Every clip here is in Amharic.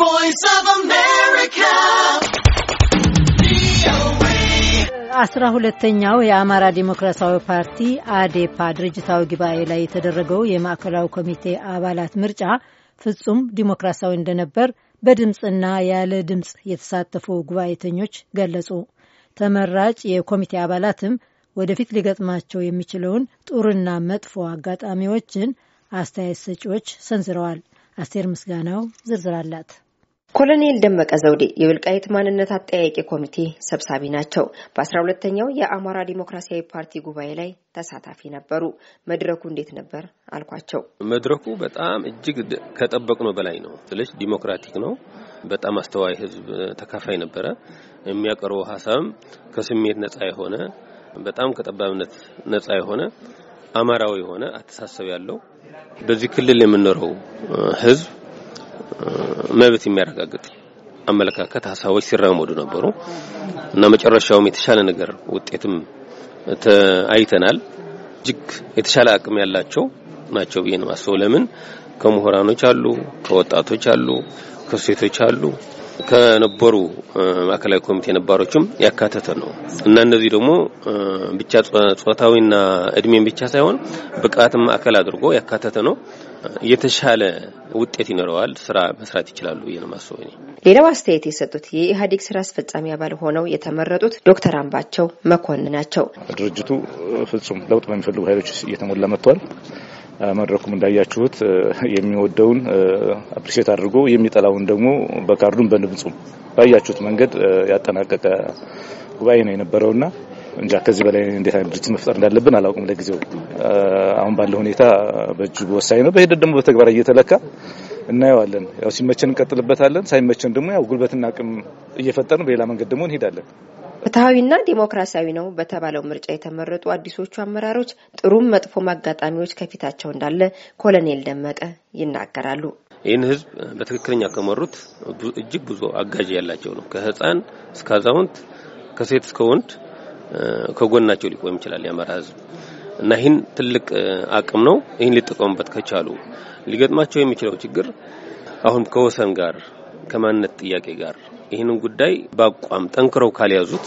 voice of America. አስራ ሁለተኛው የአማራ ዲሞክራሲያዊ ፓርቲ አዴፓ ድርጅታዊ ጉባኤ ላይ የተደረገው የማዕከላዊ ኮሚቴ አባላት ምርጫ ፍጹም ዲሞክራሲያዊ እንደነበር በድምፅና ያለ ድምፅ የተሳተፉ ጉባኤተኞች ገለጹ። ተመራጭ የኮሚቴ አባላትም ወደፊት ሊገጥማቸው የሚችለውን ጥሩና መጥፎ አጋጣሚዎችን አስተያየት ሰጪዎች ሰንዝረዋል። አስቴር ምስጋናው ዝርዝር አላት። ኮሎኔል ደመቀ ዘውዴ የወልቃይት ማንነት አጠያቂ ኮሚቴ ሰብሳቢ ናቸው። በአስራ ሁለተኛው የአማራ ዲሞክራሲያዊ ፓርቲ ጉባኤ ላይ ተሳታፊ ነበሩ። መድረኩ እንዴት ነበር አልኳቸው። መድረኩ በጣም እጅግ ከጠበቅነው በላይ ነው። ስለች ዲሞክራቲክ ነው። በጣም አስተዋይ ህዝብ ተካፋይ ነበረ። የሚያቀርበው ሀሳብም ከስሜት ነጻ የሆነ በጣም ከጠባብነት ነጻ የሆነ አማራዊ የሆነ አተሳሰብ ያለው በዚህ ክልል የምንኖረው ህዝብ መብት የሚያረጋግጥ አመለካከት ሀሳቦች ሲራመዱ ነበሩ እና መጨረሻውም የተሻለ ነገር ውጤትም አይተናል። እጅግ የተሻለ አቅም ያላቸው ናቸው ብዬ ነው ማስበው። ለምን ከምሁራኖች አሉ፣ ከወጣቶች አሉ፣ ከሴቶች አሉ። ከነበሩ ማዕከላዊ ኮሚቴ ነባሮችም ያካተተ ነው እና እነዚህ ደግሞ ብቻ ጾታዊና እድሜን ብቻ ሳይሆን ብቃትም ማዕከል አድርጎ ያካተተ ነው። የተሻለ ውጤት ይኖረዋል። ስራ መስራት ይችላሉ ብዬ ነው ሌላው አስተያየት የሰጡት የኢህአዴግ ስራ አስፈጻሚ አባል ሆነው የተመረጡት ዶክተር አምባቸው መኮንን ናቸው። ድርጅቱ ፍጹም ለውጥ በሚፈልጉ ኃይሎች እየተሞላ መጥቷል። መድረኩም እንዳያችሁት የሚወደውን አፕሪሼት አድርጎ የሚጠላውን ደግሞ በካርዱን በንብጹም ባያችሁት መንገድ ያጠናቀቀ ጉባኤ ነው የነበረውና እንጃ ከዚህ በላይ እንዴት አይነት ድርጅት መፍጠር እንዳለብን አላውቅም። ለጊዜው አሁን ባለው ሁኔታ በእጅጉ ወሳኝ ነው። በሂደት ደግሞ በተግባር እየተለካ እናየዋለን። ያው ሲመቸን እንቀጥልበታለን፣ ሳይመቸን ደግሞ ያው ጉልበትና አቅም እየፈጠርን በሌላ መንገድ ደግሞ እንሄዳለን። ፍትሐዊና ዲሞክራሲያዊ ነው በተባለው ምርጫ የተመረጡ አዲሶቹ አመራሮች ጥሩም መጥፎ አጋጣሚዎች ከፊታቸው እንዳለ ኮሎኔል ደመቀ ይናገራሉ። ይህን ህዝብ በትክክለኛ ከመሩት እጅግ ብዙ አጋዥ ያላቸው ነው። ከህፃን እስከ አዛውንት፣ ከሴት እስከ ወንድ ከጎናቸው ሊቆም ይችላል የአማራ ህዝብ እና ይህን ትልቅ አቅም ነው። ይህን ሊጠቀሙበት ከቻሉ ሊገጥማቸው የሚችለው ችግር አሁን ከወሰን ጋር ከማንነት ጥያቄ ጋር ይህንን ጉዳይ በአቋም ጠንክረው ካልያዙት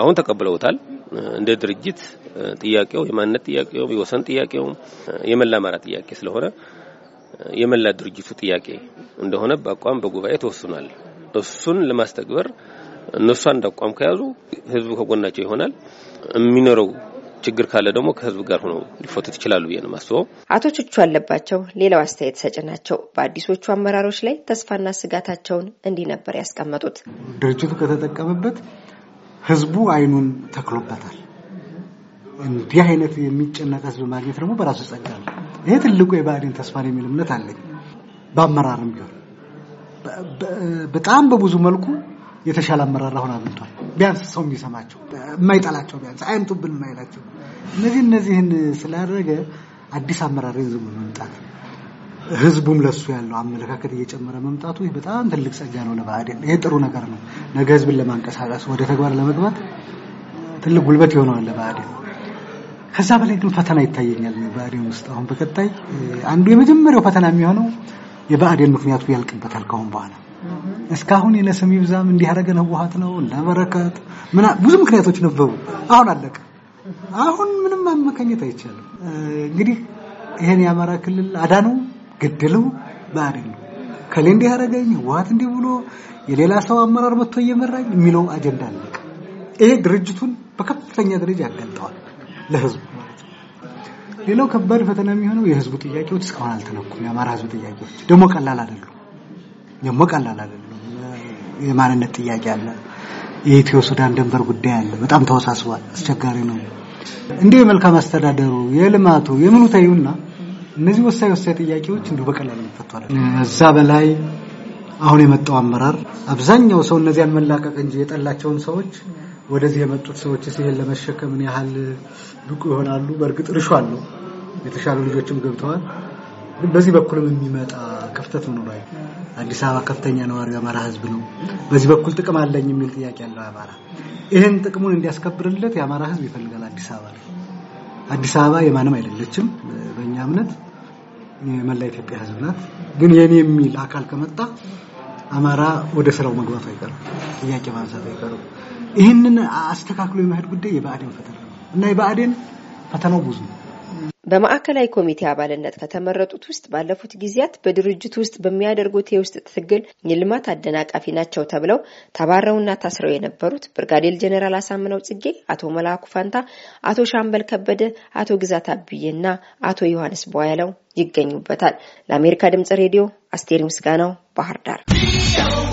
አሁን ተቀብለውታል። እንደ ድርጅት ጥያቄው የማንነት ጥያቄውም የወሰን ጥያቄውም የመላ አማራ ጥያቄ ስለሆነ የመላ ድርጅቱ ጥያቄ እንደሆነ በአቋም በጉባኤ ተወስኗል። እሱን ለማስተግበር እነሱ አንድ አቋም ከያዙ ህዝቡ ከጎናቸው ይሆናል። የሚኖረው ችግር ካለ ደግሞ ከህዝብ ጋር ሆነው ሊፈቱት ይችላሉ ብዬ ነው የማስበው። አቶ ቹቹ አለባቸው ሌላው አስተያየት ሰጭ ናቸው። በአዲሶቹ አመራሮች ላይ ተስፋና ስጋታቸውን እንዲህ ነበር ያስቀመጡት። ድርጅቱ ከተጠቀመበት ህዝቡ አይኑን ተክሎበታል። እንዲህ አይነት የሚጨነቅ ህዝብ ማግኘት ደግሞ በራሱ ጸጋ ነው። ይሄ ትልቁ የብአዴን ተስፋን የሚል እምነት አለኝ። በአመራርም ቢሆን በጣም በብዙ መልኩ የተሻለ አመራር አሁን አግኝቷል። ቢያንስ ሰው የሚሰማቸው የማይጠላቸው ቢያንስ አይምጡብን የማይላቸው እነዚህ እነዚህን ስላደረገ አዲስ አመራር ይዞ መምጣት ህዝቡም ለሱ ያለው አመለካከት እየጨመረ መምጣቱ ይህ በጣም ትልቅ ጸጋ ነው ለብአዴን። ይሄ ጥሩ ነገር ነው። ነገ ህዝብን ለማንቀሳቀስ ወደ ተግባር ለመግባት ትልቅ ጉልበት ይሆነዋል ለብአዴን። ከዛ በላይ ግን ፈተና ይታየኛል ብአዴን ውስጥ አሁን በቀጣይ አንዱ የመጀመሪያው ፈተና የሚሆነው የብአዴን ምክንያቱ ያልቅበታል ከአሁን በኋላ እስካሁን የለ ብዛም ይብዛም እንዲያደርገን ነው ለበረከት ብዙ ምክንያቶች ነበሩ። አሁን አለቀ። አሁን ምንም ማመካኘት አይቻልም። እንግዲህ ይሄን የአማራ ክልል አዳነው ገደለው ባሪል ከሌ እንዲያደረገኝ ያደረገኝ እንዲህ ብሎ የሌላ ሰው አመራር መጥቶ እየመራኝ የሚለው አጀንዳ አለቀ። ይሄ ድርጅቱን በከፍተኛ ደረጃ ያገልጠዋል ለህዝቡ ማለት ነው። ሌላው ከባድ ፈተና የሚሆነው የህዝቡ ጥያቄዎች እስካሁን አልተነኩም። የአማራ ህዝብ ጥያቄዎች ደግሞ ቀላል አይደሉም። ደግሞ ቀላል አይደለም። የማንነት ጥያቄ አለ። የኢትዮ ሱዳን ድንበር ጉዳይ አለ። በጣም ተወሳስቧል። አስቸጋሪ ነው። እንዲሁ የመልካም አስተዳደሩ የልማቱ የምኑ ታዩና እነዚህ ወሳኝ ወሳኝ ጥያቄዎች እንዲሁ በቀላሉ ይፈቷል። እዛ በላይ አሁን የመጣው አመራር አብዛኛው ሰው እነዚያን መላቀቅ እንጂ የጠላቸውን ሰዎች ወደዚህ የመጡት ሰዎች ይሄን ለመሸከምን ያህል ብቁ ይሆናሉ። በእርግጥ እርሾ አለው። የተሻሉ ልጆችም ገብተዋል። በዚህ በኩልም የሚመጣ ክፍተት ምን ነው? አዲስ አበባ ከፍተኛ ነዋሪ የአማራ ህዝብ ነው። በዚህ በኩል ጥቅም አለኝ የሚል ጥያቄ ያለው አማራ ይህን ጥቅሙን እንዲያስከብርለት የአማራ ህዝብ ይፈልጋል። አዲስ አበባ ላይ አዲስ አበባ የማንም አይደለችም። በእኛ እምነት የመላ ኢትዮጵያ ህዝብ ናት። ግን የኔ የሚል አካል ከመጣ አማራ ወደ ስራው መግባቱ አይቀርም፣ ጥያቄ ማንሳት አይቀርም። ይህንን አስተካክሎ የመሄድ ጉዳይ የብአዴን ፈተና ነው እና የብአዴን ፈተናው ብዙ ነው። በማዕከላዊ ኮሚቴ አባልነት ከተመረጡት ውስጥ ባለፉት ጊዜያት በድርጅት ውስጥ በሚያደርጉት የውስጥ ትግል የልማት አደናቃፊ ናቸው ተብለው ተባረውና ታስረው የነበሩት ብርጋዴር ጀኔራል አሳምነው ጽጌ፣ አቶ መላኩ ፋንታ፣ አቶ ሻምበል ከበደ፣ አቶ ግዛት አብዬና አቶ ዮሐንስ በዋያለው ይገኙበታል። ለአሜሪካ ድምጽ ሬዲዮ አስቴር ምስጋናው ባህር ዳር